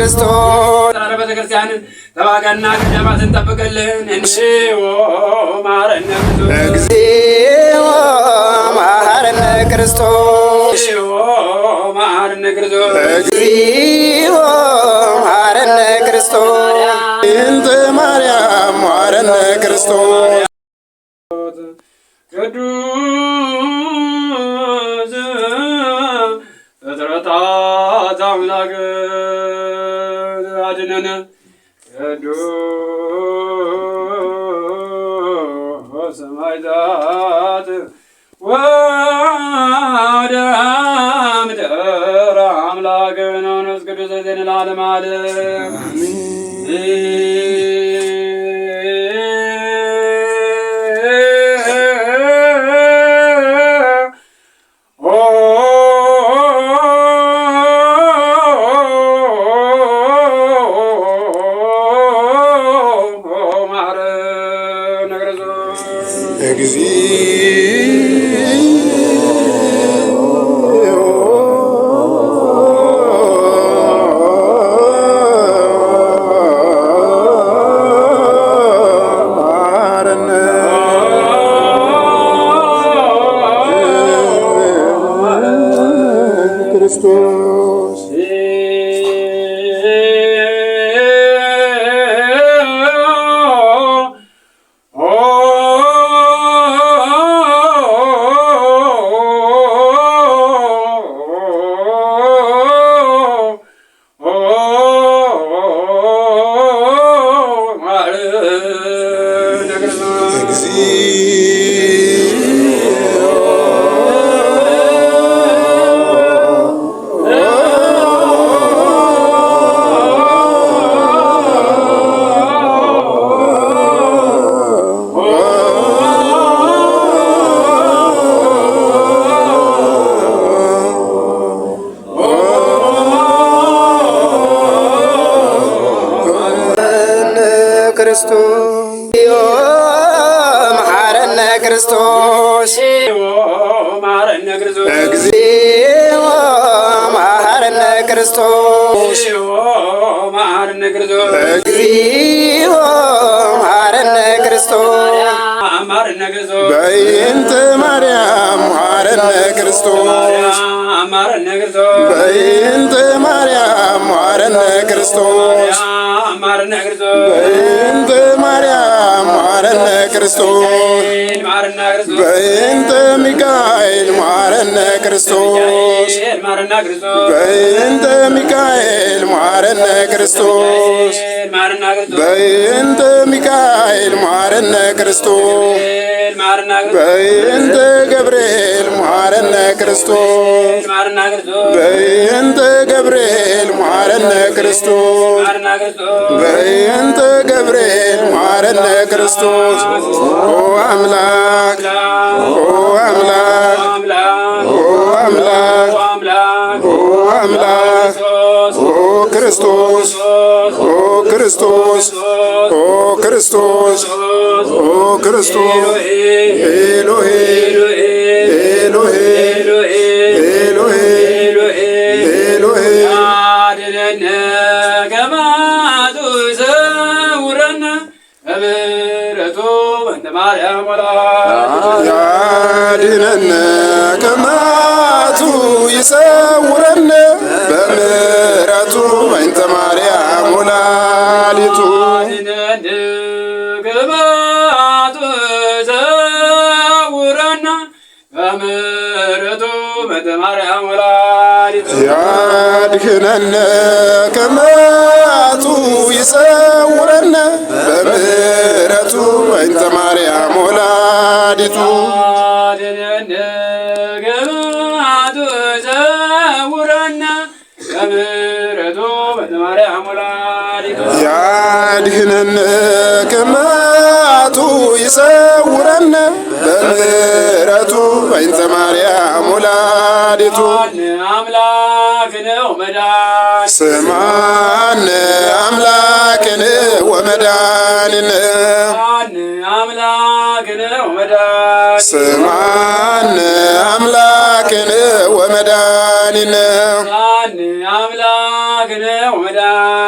ክርስቶስ ኧረ ቤተክርስቲያን ተባጋና ገዳማትን ጠብቅልን። እግዚኦ መሐረነ እግዚኦ መሐረነ ክርስቶስ መሐረነ ክርስቶስ እግዚኦ መሐረነ ክርስቶስ እንተ ማርያም መሐረነ ክርስቶስ ቅዱስ ፍጥረታት አምላክ አድነን። ቅዱስ ማይዛት ወዳም ደረ አምላክ ነውነስ ቅዱስ ዜን ለዓለም Christus. ክርስቶስ ዮ መሐረነ ክርስቶስ እግዚኦ ክርስቶስ እግዚኦ ክርስቶስ በይንተ ማርያም ሐረነ ክርስቶስ በይንተ ማርያም ሐረነ ክርስቶስ በይንተ ማርያም ሐረነ ክርስቶስ በይንተ ሚካኤል ማረነ ክርስቶስ በይንተ ሚካኤል ማረነ ክርስቶስ በእንተ ሚካኤል ማረነ ክርስቶስ በእንተ ገብርኤል ማረነ ክርስቶስ በእንተ ገብርኤል ማረነ ክርስቶስ በእንተ ገብርኤል ማረነ ክርስቶስ ኦ አምላክ ኦ አምላክ ክርስቶስ ኦ ክርስቶስ ኦ ክርስቶስ ኦ ክርስቶስ ኤሎሄ ኩላሊቱ ግባቱ ዘውረና በምሕረቱ በማርያም ወላዲቱ ያድህነነ ከመዓቱ ይሰውረነ በምሕረቱ በእንተ ማርያም ወላዲቱ ዘውረና በምሕረቱ በማርያም ወላዲቱ ያድህነን ከመዓቱ ይሰውረን በምሕረቱ በይንተ ማርያም ወላዲቱ ስማን አምላክን ወመዳንን ስማን አምላክን ወመዳንን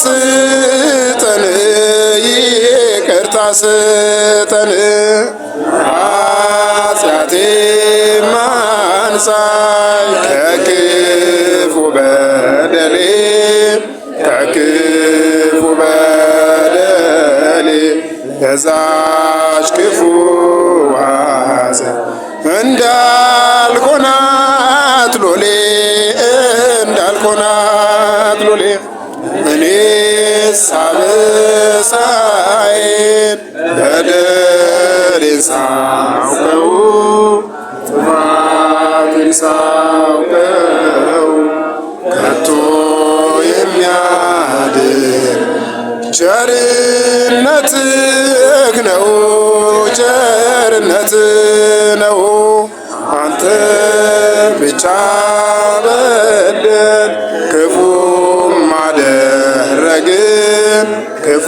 ስጠን፣ ይቅርታ ስጠን፣ ኃጢአቴ ማንሳኝ ከክፉ በደሌ ከክፉ በደሌ የሚያድር ቸርነትህ ነው ቸርነትህ ነው አንተ ብቻ በደል ክፉም አደረግን ክፉ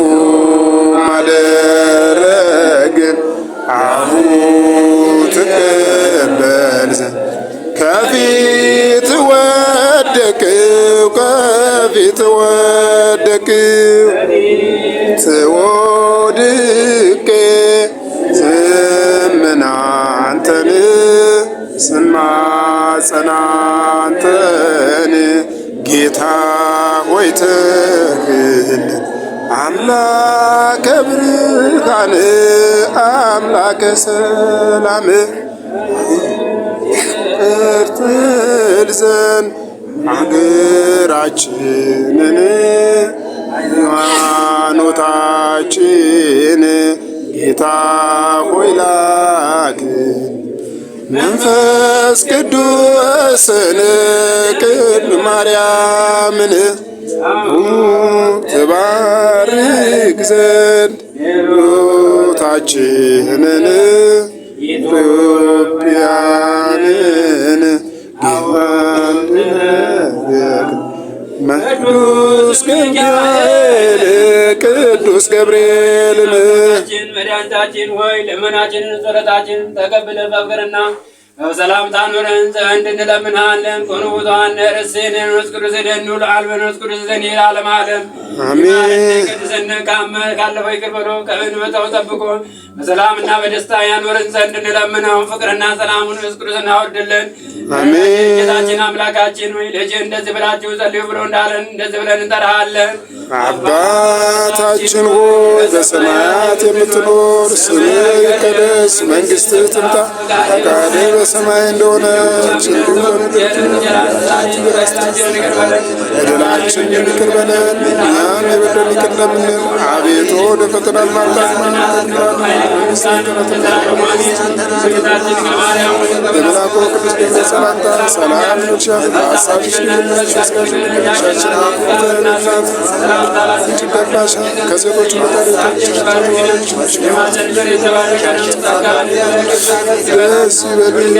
ጌታ ሆይ ትክል አምላከ ብርሃን አምላከ ሰላም እርትል ዘን አገራችንን ሃይማኖታችን ጌታ ሆይ ላክል መንፈስ ቅዱስን ቅድም ማርያምን ትባርክ ዘንድ ቦታችንን ኢትዮጵያንን ጌባንን ቅዱስ ሚካኤል ቅዱስ ገብርኤል መድኃኒታችን ሆይ ልመናችን ጸሎታችን ተቀብለ በፍቅርና በሰላምታ ኑረን ዘንድ እንለምናለን። ኮኑ ብዙሃን ርእስን ንስ ቅዱስ ደኑ ለአል መንፈስ ቅዱስ ዘን ዓለም አለም አሜን። ቅድስነ ካመ ካለፈው ይቅር በሎ ከእንበታው ጠብቆ በሰላምና በደስታ ያኖረን ዘንድ እንለምነው። ፍቅርና ሰላሙን ንስ ቅዱስ እናወርድልን። አሜን። ጌታችን አምላካችን ወይ ልጅ እንደዚህ ብላችሁ ጸልዩ ብሎ እንዳለን እንደዚህ ብለን እንጠራሃለን። አባታችን ሆይ በሰማያት የምትኖር ስምህ ይቀደስ፣ መንግስትህ ትምጣ፣ ፈቃድህ በሰማይ እንደሆነ እንዲሁ በምድር ትሁን። በደላችንን ይቅር በለን እኛም የበደሉንን ይቅር እንደምንል፣ አቤቱ ወደ ፈተና አታግባን በመልአኩ ቅዱስ ገብርኤል ሰላምታ ሰላም ይልሻል። በሐሳብሽ ልዩነት ሥጋሽን ይደግፋሻል። ከሴቶች በቀር ደስ ይበልሽ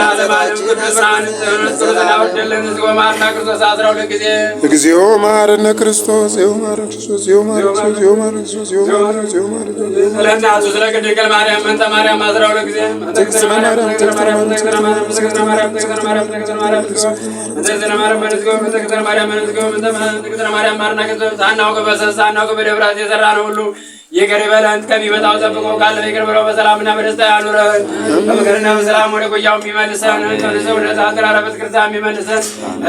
ለዘላለማችን ቅዱሳን ስላወደለን ሕዝቦ ማርና ክርስቶስ አስራ ሁለት ጊዜ እግዚኦ መሐረነ ክርስቶስ ስለ እናቱ ስለ ድንግል ማርያም መንተ ማርያም አስራ ሁለት ጊዜ ሳናውቅ በሰስ ሳናውቅ በደብራት የሰራ ነው ሁሉ ይቅር በለን ከሚመጣው ጠብቆ ቃል ይቅር ብሎ በሰላምና በደስታ ያኑረን። በምክርና በሰላም ወደ ጎያው የሚመልሰን ሰው ለተአቀራረበት ቅርዛ የሚመልሰን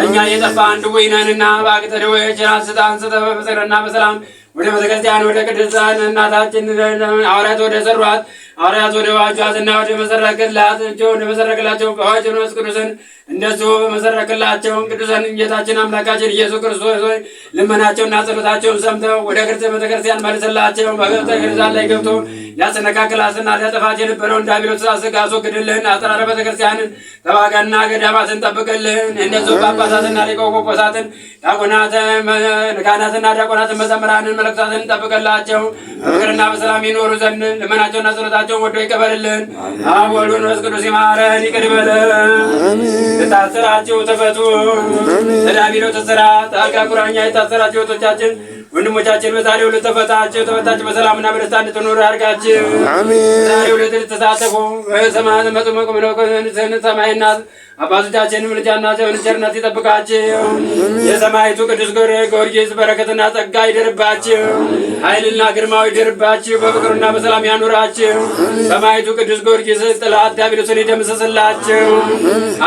እኛን የጠፋን ድውይነንና በአቅተ ድዌዎችን አንስታን ስተ በፍቅርና በሰላም ወደ ቤተክርስቲያን ወደ ቅድስት እናታችን ሐዋርያት ወደ ሰሯት ሐዋርያት ወደ ዋጇትና ወደ መሰረክላቸው ወደ መሰረክላቸው በአዋጅ መንፈስ ቅዱስን እንደዚሁ በመሰረክላቸው ቅዱሳን ጌታችን አምላካችን ኢየሱስ ክርስቶስ ሆይ ልመናቸውና ጸሎታቸውን ሰምተው ወደ ግርጽ ቤተክርስቲያን መልስላቸው። በገብተ ግርዛን ላይ ገብቶ ሊያሰነካክላትና ሊያጠፋት የነበረውን ዲያብሎስን አስግ አስወግድልን። አጠራረ ቤተክርስቲያንን በዋጋና ገዳማትን ጠብቅልን። እንደዚሁ ጳጳሳትና ሊቀ ጳጳሳትን፣ ዲያቆናትን፣ ካህናትና ዲያቆናትን፣ መዘምራንን፣ መለኮሳትን ጠብቅላቸው በፍቅርና በሰላም ይኖሩ ዘንድ ልመናቸውና ጸሎታቸው ኃጢአታቸውን ወዶ ይቀበልልን። አብ ወልድ ወመንፈስ ቅዱስ ይማረን ይቅር ይበለን። የታሰራችሁ ተፈቱ። ተዳቢለው ተሰራ ጣልቃ ቁራኛ የታሰራችሁ ወቶቻችን ወንድሞቻችን በዛሬው ዕለት ተፈታቸው ተፈታች በሰላምና በደስታ እንድትኖር ያድርጋችሁ። አሜን። ዛሬው ዕለት ልትሳተፉ ሰማያት መጥመቅ ምነቆን ሰማይና አባቶቻችን ልጃናቸው ቸርነት ይጠብቃችሁ። የሰማይቱ ቅዱስ ጊዮርጊስ በረከትና ጸጋ ይደርባችሁ፣ ኃይልና ግርማው ይደርባችሁ፣ በፍቅሩና በሰላም ያኑራችሁ። ሰማይቱ ቅዱስ ጊዮርጊስ ጥላት ዲያብሎስን ይደምስስላችሁ፣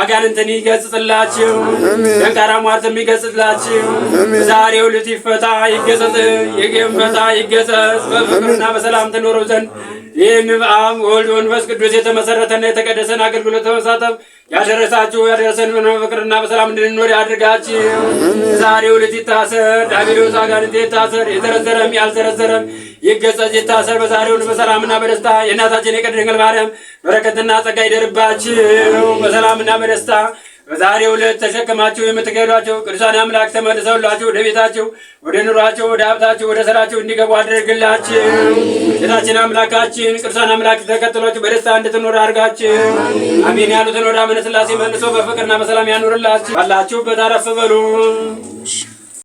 አጋንንትን ይገስጽላችሁ፣ ደንቃራ ሟርትን ይገስጽላችሁ። ዛሬው ዕለት ይፈታ ይገ ይገሰጽ የጌም ፈታ ይገሰጽ በፍቅርና በሰላም ትኖረው ዘንድ ይህን በአብ ወልድ መንፈስ ቅዱስ የተመሰረተና የተቀደሰን አገልግሎት ተመሳተፍ ያደረሳችሁ ያደረሰን በፍቅርና በሰላም እንድንኖር ያድርጋችሁ። ዛሬው ዕለት ይታሰር ዲያብሎስ አጋንንት ይታሰር፣ የዘረዘረም ያልዘረዘረም ይገሰጽ ይታሰር። በዛሬው በሰላምና በደስታ የእናታችን የቅድስት ድንግል ማርያም በረከትና ጸጋ ይደርባችሁ በሰላምና በደስታ በዛሬው ዕለት ተሸክማችሁ የምትገዷቸው ቅዱሳን አምላክ ተመልሰውላችሁ ወደ ቤታችሁ፣ ወደ ኑሯቸው፣ ወደ ሀብታቸው፣ ወደ ስራቸው እንዲገቡ አድርግላችሁ። ጌታችን አምላካችን ቅዱሳን አምላክ ተከትሏችሁ በደስታ እንድትኖር አድርጋችሁ። አሜን ያሉትን ወደ አመነ ስላሴ መልሶ በፍቅርና በሰላም ያኑርላችሁ። ባላችሁበት አረፍ በሉ።